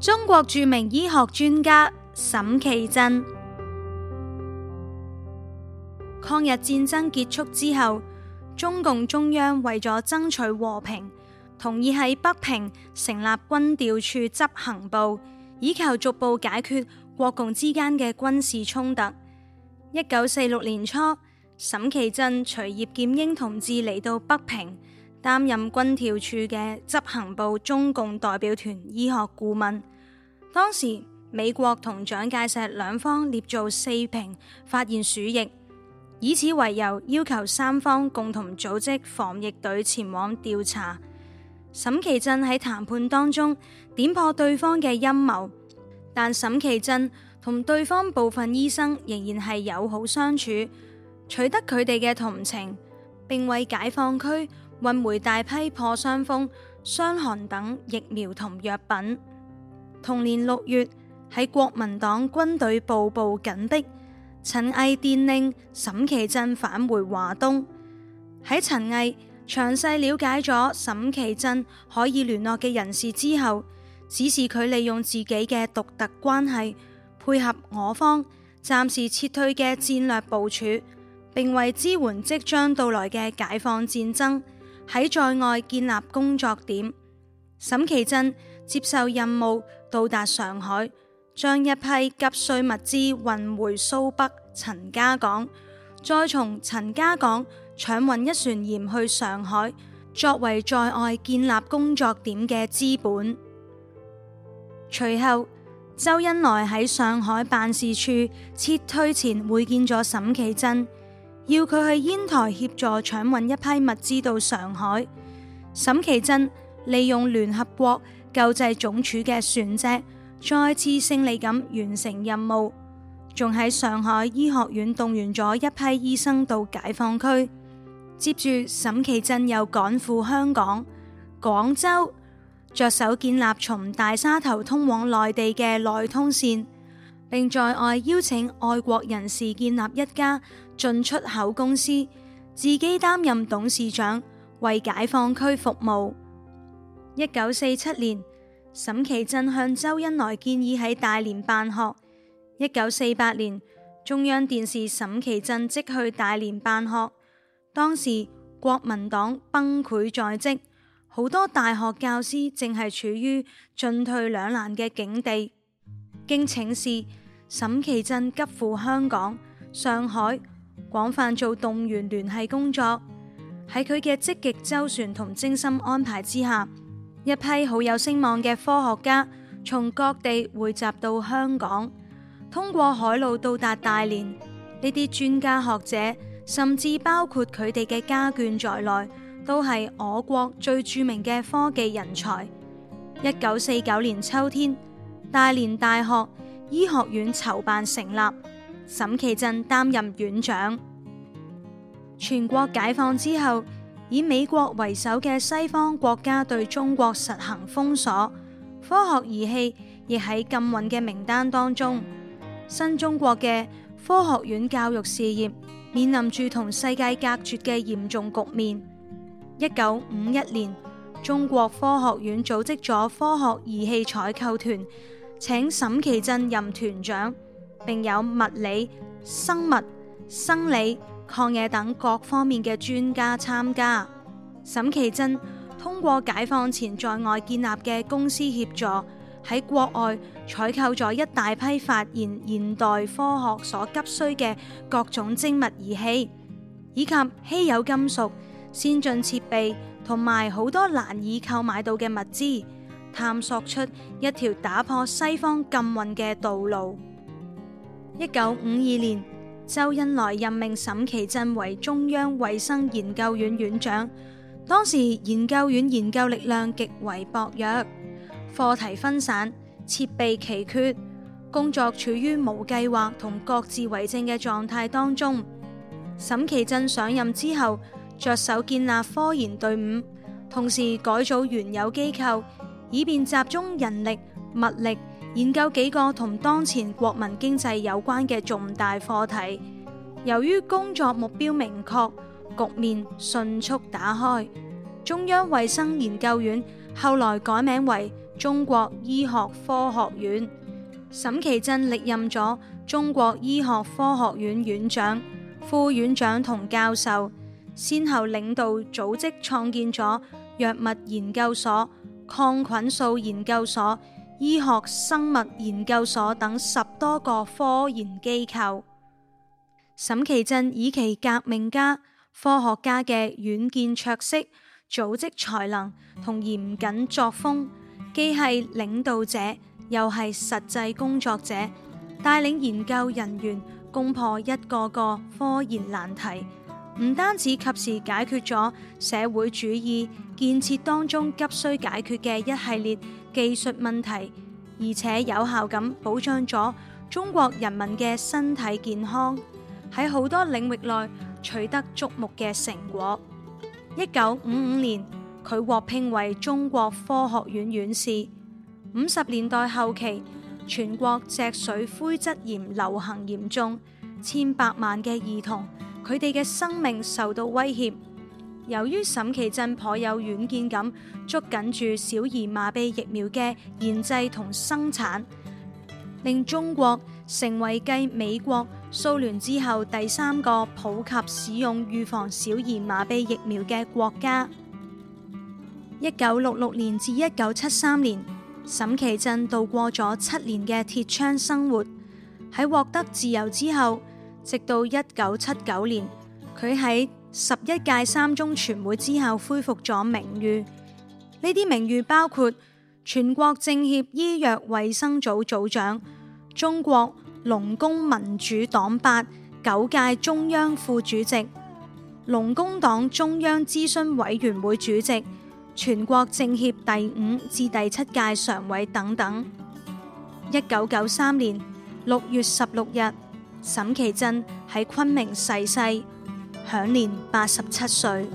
中國著名醫學專家沈其震，抗日戰爭結束之後，中共中央為咗爭取和平，同意喺北平成立軍調處執行部，以求逐步解決國共之間嘅軍事衝突。一九四六年初，沈其震隨葉劍英同志嚟到北平。擔任軍調處嘅執行部中共代表團醫學顧問，當時美國同蔣介石兩方捏造四平發現鼠疫，以此為由要求三方共同組織防疫隊前往調查。沈其震喺談判當中點破對方嘅陰謀，但沈其震同對方部分醫生仍然係友好相處，取得佢哋嘅同情，並為解放區。運回大批破傷風、傷寒等疫苗同藥品。同年六月，喺國民黨軍隊步步緊逼，陳毅電令沈其震返回華東。喺陳毅詳細了解咗沈其震可以聯絡嘅人士之後，指示佢利用自己嘅獨特關係，配合我方暫時撤退嘅戰略部署，並為支援即將到來嘅解放戰爭。喺在外建立工作點，沈其震接受任務，到達上海，將一批急需物資運回蘇北陳家港，再從陳家港搶運一船鹽去上海，作為在外建立工作點嘅資本。隨後，周恩來喺上海辦事處撤退前會見咗沈其震。要佢去煙台協助搶運一批物資到上海。沈其震利用聯合國救濟總署嘅船隻，再次勝利咁完成任務，仲喺上海醫學院動員咗一批醫生到解放區。接住沈其震又趕赴香港、廣州，着手建立從大沙頭通往內地嘅內通線。並在外邀請外國人士建立一家進出口公司，自己擔任董事長為解放區服務。一九四七年，沈其震向周恩來建議喺大連辦學。一九四八年，中央電視沈其震即去大連辦學。當時國民黨崩潰在即，好多大學教師正係處於進退兩難嘅境地。經請示，沈其震急赴香港、上海，廣泛做動員聯繫工作。喺佢嘅積極周旋同精心安排之下，一批好有聲望嘅科學家從各地匯集到香港，通過海路到達大連。呢啲專家學者，甚至包括佢哋嘅家眷在內，都係我國最著名嘅科技人才。一九四九年秋天。大連大學醫學院籌辦成立，沈其震擔任院長。全國解放之後，以美國為首嘅西方國家對中國實行封鎖，科學儀器亦喺禁運嘅名單當中。新中國嘅科學院教育事業面臨住同世界隔絕嘅嚴重局面。一九五一年，中國科學院組織咗科學儀器採購團。請沈其震任團長，並有物理、生物、生理、礦冶等各方面嘅專家參加。沈其震通過解放前在外建立嘅公司協助，喺國外採購咗一大批發現現代科學所急需嘅各種精密儀器，以及稀有金屬、先進設備同埋好多難以購買到嘅物資。探索出一條打破西方禁運嘅道路。一九五二年，周恩來任命沈其震為中央衛生研究院院長。當時研究院研究力量極為薄弱，課題分散，設備奇缺，工作處於冇計劃同各自為政嘅狀態當中。沈其震上任之後，着手建立科研隊伍，同時改組原有機構。以便集中人力物力研究幾個同當前國民經濟有關嘅重大課題。由於工作目標明確，局面迅速打開，中央衛生研究院後來改名為中國醫學科學院。沈其震歷任咗中國醫學科學院院長、副院長同教授，先後領導組織創建咗藥物研究所、抗菌素研究所、醫學生物研究所等十多個科研機構，沈其震以其革命家、科學家嘅遠見卓識、組織才能同嚴謹作風，既係領導者，又係實際工作者，帶領研究人員攻破一個個科研難題。唔單止及時解決咗社會主義建設當中急需解決嘅一系列技術問題，而且有效咁保障咗中國人民嘅身體健康，喺好多領域內取得矚目嘅成果。一九五五年，佢獲聘為中國科學院院士。五十年代後期，全國脊髓灰質炎流行嚴重，千百萬嘅兒童。佢哋嘅生命受到威脅。由於沈其震頗有遠見咁捉緊住小兒麻痹疫苗嘅研製同生產，令中國成為繼美國、蘇聯之後第三個普及使用預防小兒麻痹疫苗嘅國家。一九六六年至一九七三年，沈其震度過咗七年嘅鐵窗生活。喺獲得自由之後。直到一九七九年，佢喺十一屆三中全會之後恢復咗名譽。呢啲名譽包括全國政協醫藥衛生組組長、中國農工民主黨八九屆中央副主席、農工黨中央諮詢委員會主席、全國政協第五至第七屆常委等等。一九九三年六月十六日，沈其震喺昆明逝世，世，享年八十七歲。